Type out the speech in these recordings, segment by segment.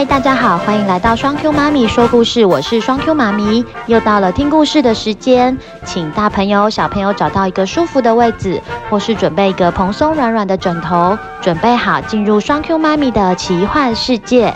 嗨，Hi, 大家好，歡迎來到雙 Q 媽咪說故事，我是雙 Q 媽咪，又到了聽故事的時間，請大朋友小朋友找到一個舒服的位置，或是準備一個蓬鬆軟軟的枕頭，準備好進入雙 Q 媽咪的奇幻世界。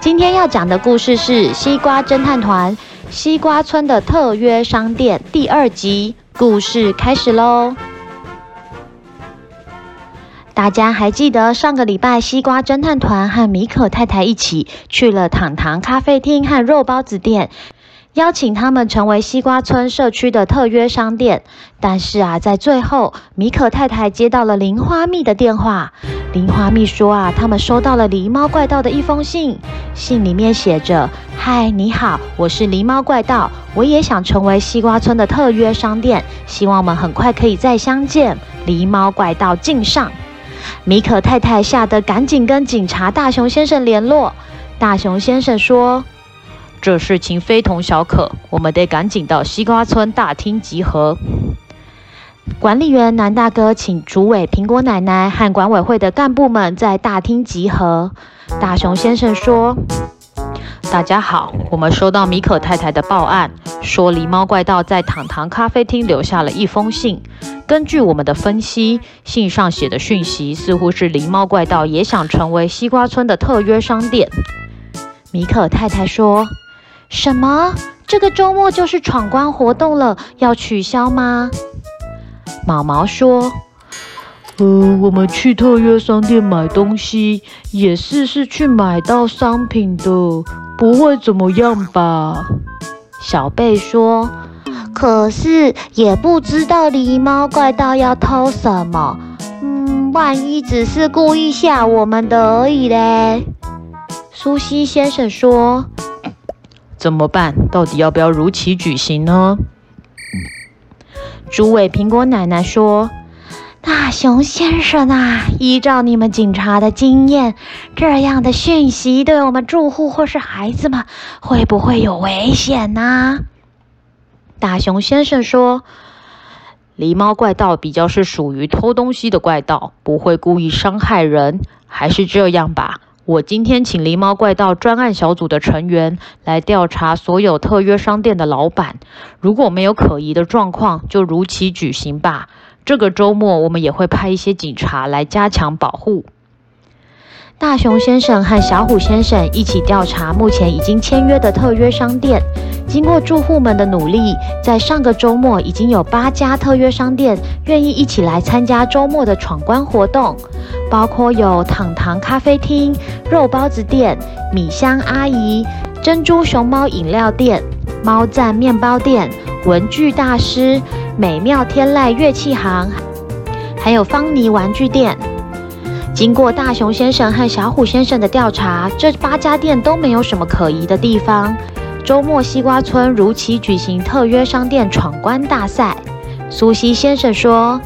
今天要講的故事是《西瓜偵探團》西瓜村的特約商店第二集，故事開始嘍。大家還記得上個禮拜，西瓜偵探團和米可太太一起去了糖糖咖啡廳和肉包子店，邀請他們成為西瓜村社區的特約商店。但是啊，在最後，米可太太接到了林花蜜的電話。林花蜜說啊，他們收到了狸貓怪盜的一封信，信裡面寫着：“嗨，你好，我是狸貓怪盜，我也想成為西瓜村的特約商店，希望我們很快可以再相見。”狸貓怪盜敬上。米可太太嚇得趕緊跟警察大熊先生聯絡。大熊先生說：“這事情非同小可，我們得趕緊到西瓜村大廳集合。”管理員南大哥請主委蘋果奶奶和管委會的幹部們在大廳集合。大熊先生說。大家好，我們收到米可太太的報案，說狸貓怪盜在糖糖咖啡廳留下了一封信。根據我們的分析，信上寫的訊息似乎是狸貓怪盜也想成為西瓜村的特約商店。米可太太說：“什麼？這個周末就是闖關活動了，要取消嗎？”毛毛說：“嗯、呃，我們去特約商店買東西，也是是去買到商品的。”不會怎麼樣吧？小貝說。可是也不知道狸貓怪盜要偷什麼。嗯，萬一只是故意嚇我們的而已嘞？蘇西先生說。怎麼辦？到底要不要如期舉行呢？豬尾蘋果奶奶說。大熊先生吶，依照你們警察的經驗，這樣的訊息對我們住戶或是孩子們會不會有危險呢？大熊先生說：“狸貓怪盜比較是屬於偷東西的怪盜，不會故意傷害人。還是這樣吧，我今天請狸貓怪盜專案小組的成員來調查所有特約商店的老板，如果沒有可疑的狀況，就如期舉行吧。”這個周末，我們也會派一些警察來加強保護。大熊先生和小虎先生一起調查目前已經簽約的特約商店。經過住戶們的努力，在上個周末已經有八家特約商店願意一起來參加周末的闖關活動，包括有糖糖咖啡廳、肉包子店、米香阿姨、珍珠熊貓飲料店、貓贊麵包店、文具大師。美妙天籟樂器行，還有芳妮玩具店。經過大熊先生和小虎先生的調查，這八家店都沒有什麼可疑的地方。周末，西瓜村如期舉行特約商店闖關大賽。蘇西先生說：“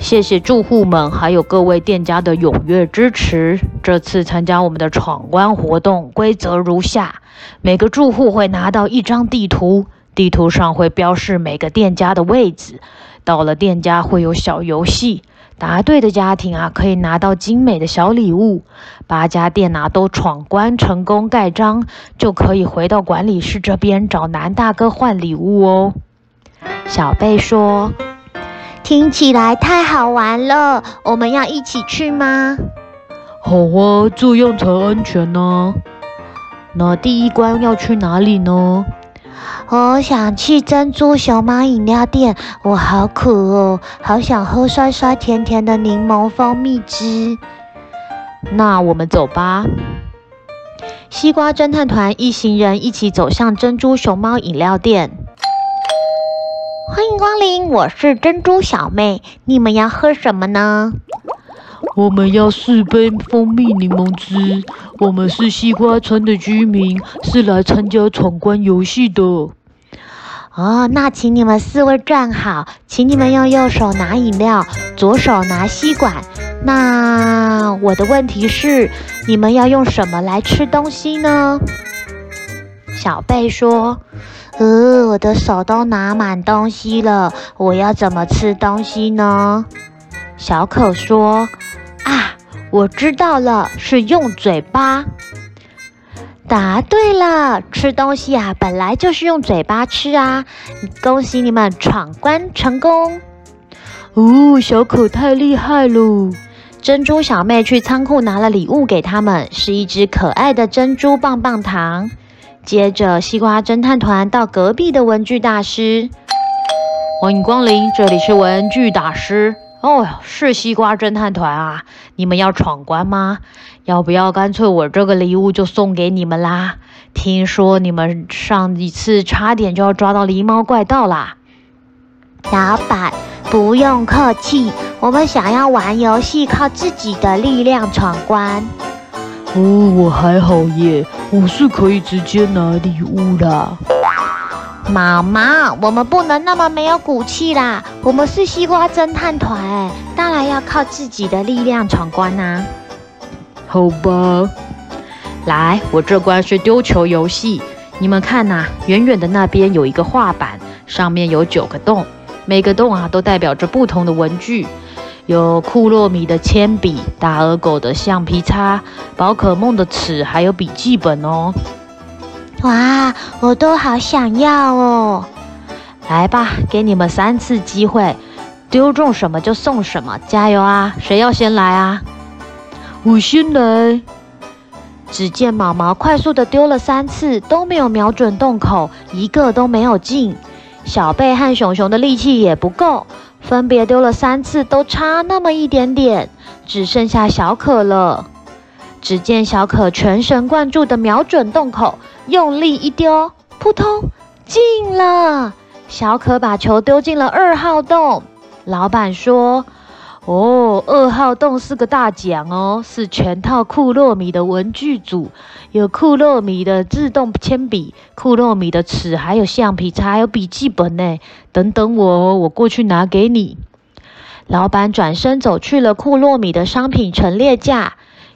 謝謝住戶們，還有各位店家的踴躍支持。這次參加我們的闖關活動，規則如下：每個住戶會拿到一張地圖。”地圖上會標示每個店家的位置，到了店家會有小遊戲，答對的家庭啊可以拿到精美的小禮物。八家店拿、啊、都闖關成功蓋章，就可以回到管理室這邊找男大哥換禮物哦。小貝說：“聽起來太好玩了，我們要一起去嗎？”“好啊，這樣才安全呢、啊。”“那第一關要去哪裡呢？”我想去珍珠熊貓飲料店，我好渴哦，好想喝酸酸甜甜的檸檬蜂蜜汁。那我們走吧。西瓜偵探團一行人一起走向珍珠熊貓飲料店。歡迎光臨，我是珍珠小妹，你們要喝什麼呢？我們要四杯蜂蜜檸檬汁。我們是西瓜村的居民，是來參加闖關遊戲的。哦，那請你們四位站好，請你們用右手拿飲料，左手拿吸管。那我的問題是，你們要用什麼來吃東西呢？小貝說：“呃、哦，我的手都拿滿東西了，我要怎麼吃東西呢？”小可說：“啊。”我知道了，是用嘴巴。答對了，吃東西啊，本來就是用嘴巴吃啊。恭喜你們闖關成功。哦，小可太厲害了！珍珠小妹去倉庫拿了禮物給他們，是一只可愛的珍珠棒棒糖。接着，西瓜偵探團到隔壁的文具大師。歡迎光臨，這裡是文具大師。哦，是西瓜偵探團啊！你們要闖關嗎？要不要乾脆我這個禮物就送給你們啦？聽說你們上一次差點就要抓到狸貓怪盜啦！老闆，不用客氣，我們想要玩遊戲，靠自己的力量闖關。哦，我還好耶，我是可以直接拿禮物啦。媽媽，我們不能那麼沒有骨氣啦！我們是西瓜偵探團，哎，當然要靠自己的力量闖關吶、啊。好吧，來，我這關是丟球遊戲，你們看吶、啊，遠遠的那邊有一個畫板，上面有九個洞，每個洞啊都代表着不同的文具，有庫洛米的鉛筆、大耳狗的橡皮擦、寶可夢的尺，還有筆記本哦。哇，我都好想要哦！來吧，給你們三次機會，丟中什麼就送什麼，加油啊！誰要先來啊？我先來。只見毛毛快速的丟了三次，都沒有瞄準洞口，一個都沒有進。小貝和熊熊的力氣也不夠，分別丟了三次，都差那麼一點點。只剩下小可了。只見小可全神貫注的瞄準洞口。用力一丟，撲通，進了。小可把球丟進了二號洞。老闆說：“哦，二號洞是個大獎哦，是全套庫洛米的文具組，有庫洛米的自動鉛筆、庫洛米的尺，還有橡皮擦，還有筆記本呢。等等我，我過去拿給你。”老闆轉身走去了庫洛米的商品陳列架。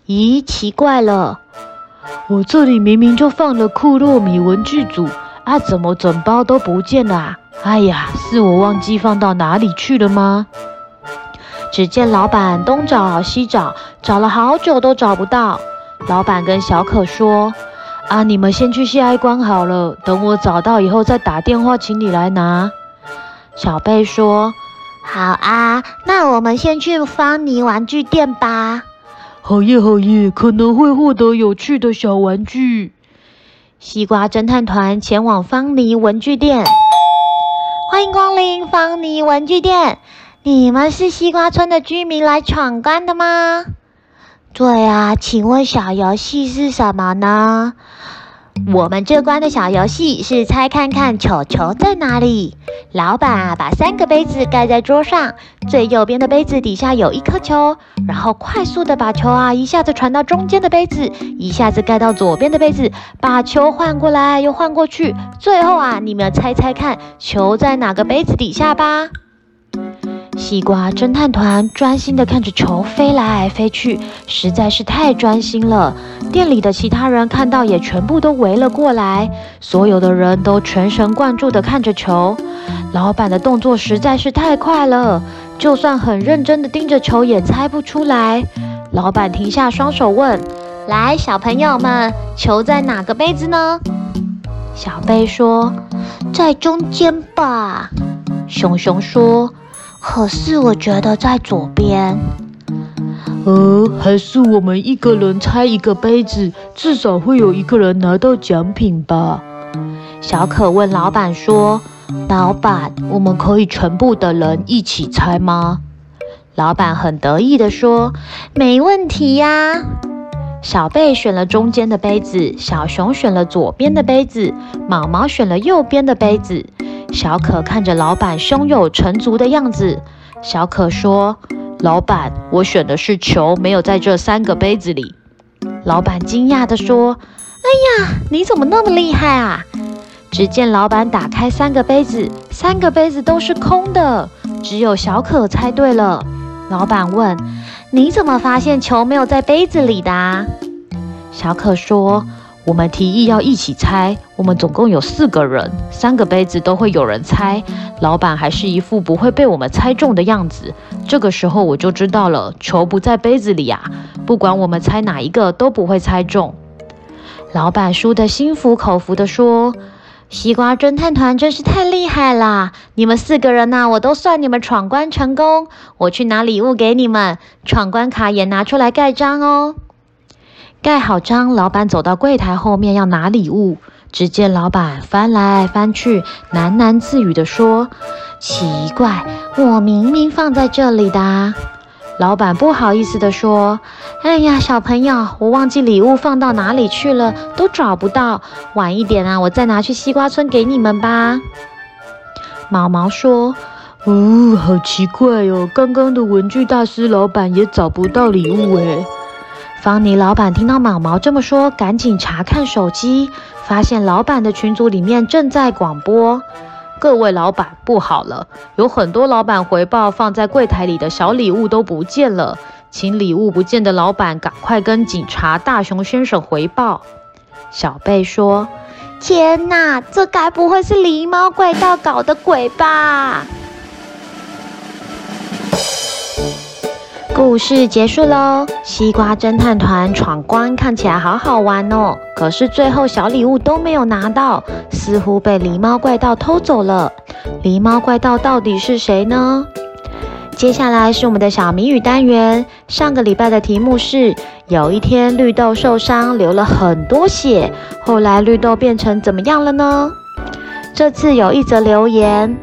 咦，奇怪了。我這裡明明就放了庫洛米文具組啊，怎麼整包都不見了啊？哎呀，是我忘記放到哪裡去了嗎？只見老闆東找西找，找了好久都找不到。老闆跟小可說：“啊，你們先去下一關好了，等我找到以後再打電話請你來拿。”小貝說：“好啊，那我們先去方妮玩具店吧。”好耶，好耶！可能會獲得有趣的小玩具。西瓜偵探團前往芳妮文具店。歡迎光臨芳妮文具店。你們是西瓜村的居民來闖關的嗎？對啊，請問小遊戲是什麼呢？我們這關的小遊戲是猜看看球球在哪裡。老闆啊，把三個杯子蓋在桌上，最右邊的杯子底下有一顆球，然後快速的把球啊一下子傳到中間的杯子，一下子蓋到左邊的杯子，把球換過來又換過去，最後啊，你們猜猜看球在哪個杯子底下吧？西瓜偵探團專心的看着球飛來飛去，實在是太專心了。店裡的其他人看到也全部都圍了過來，所有的人都全神貫注的看着球。老闆的動作實在是太快了，就算很認真的盯着球也猜不出來。老闆停下雙手問：“來，小朋友們，球在哪個杯子呢？”小貝說：“在中間吧。”熊熊說。可是我覺得在左邊。呃，還是我們一個人猜一個杯子，至少會有一個人拿到獎品吧？小可問老板說：“老板，我們可以全部的人一起猜嗎？”老板很得意的說：“沒問題呀。”小貝選了中間的杯子，小熊選了左邊的杯子，毛毛選了右邊的杯子。小可看着老闆胸有成竹的樣子，小可說：“老闆，我選的是球，沒有在這三個杯子裡。”老闆驚訝地說：“哎呀，你怎麼那麼厲害啊？”只見老闆打開三個杯子，三個杯子都是空的，只有小可猜對了。老闆問：“你怎麼發現球沒有在杯子裡的啊？”小可說。我們提議要一起猜，我們總共有四個人，三個杯子都會有人猜。老闆還是一副不會被我們猜中的樣子。這個時候我就知道了，球不在杯子裡呀，不管我們猜哪一個都不會猜中。老闆輸得心服口服地說：“西瓜偵探團真是太厲害了，你們四個人呢，我都算你們闖關成功。我去拿禮物給你們，闖關卡也拿出來蓋章哦。”蓋好章，老闆走到櫃檯後面要拿禮物，只見老闆翻來翻去，喃喃自語地說：“奇怪，我明明放在這裡的。”老闆不好意思地說：“哎呀，小朋友，我忘記禮物放到哪裡去了，都找不到。晚一點啊，我再拿去西瓜村給你們吧。”毛毛說：“嗚、哦，好奇怪哦，剛剛的文具大師老闆也找不到禮物誒方妮老闆聽到毛毛這麼說，趕緊查看手機，發現老闆的群組裡面正在廣播：“各位老闆，不好了，有很多老闆回報放在櫃台裡的小禮物都不見了，請禮物不見的老闆趕快跟警察大熊先生回報。”小貝說：“天哪，這該不會是狸貓怪盜搞的鬼吧？” 故事結束嘍，西瓜偵探團闖關看起來好好玩哦，可是最後小禮物都沒有拿到，似乎被狸貓怪盜偷走了。狸貓怪盜到底是誰呢？接下來是我們的小謎語單元，上個禮拜的題目是：有一天綠豆受傷，流了很多血，後來綠豆變成怎麼樣了呢？這次有一則留言，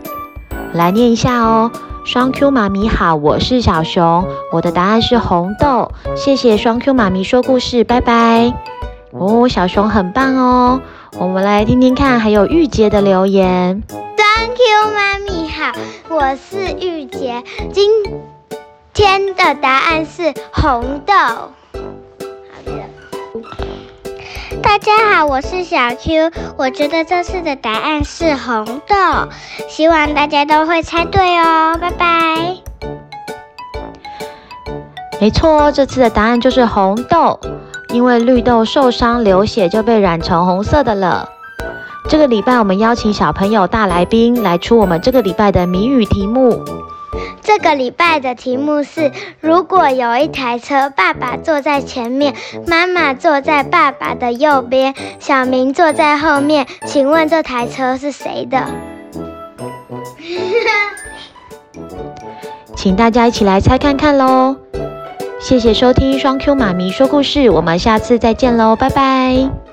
來念一下哦。雙 Q 媽咪好，我是小熊，我的答案是紅豆，謝謝雙 Q 媽咪說故事，拜拜。哦，小熊很棒哦，我們來聽聽看，還有玉潔的留言。雙 Q 媽咪好，我是玉潔，今天的答案是紅豆。大家好，我是小 Q。我覺得這次的答案是紅豆，希望大家都會猜對哦，拜拜。沒錯，這次的答案就是紅豆，因為綠豆受傷流血就被染成紅色的了。這個禮拜我們邀請小朋友大來賓來出我們這個禮拜的謎語題目。這個禮拜的題目是：如果有一台車，爸爸坐在前面，媽媽坐在爸爸的右邊，小明坐在後面，請問這台車是誰的？ 請大家一起來猜看看嘍！謝謝收聽雙 Q 媽咪說故事，我們下次再見嘍，拜拜。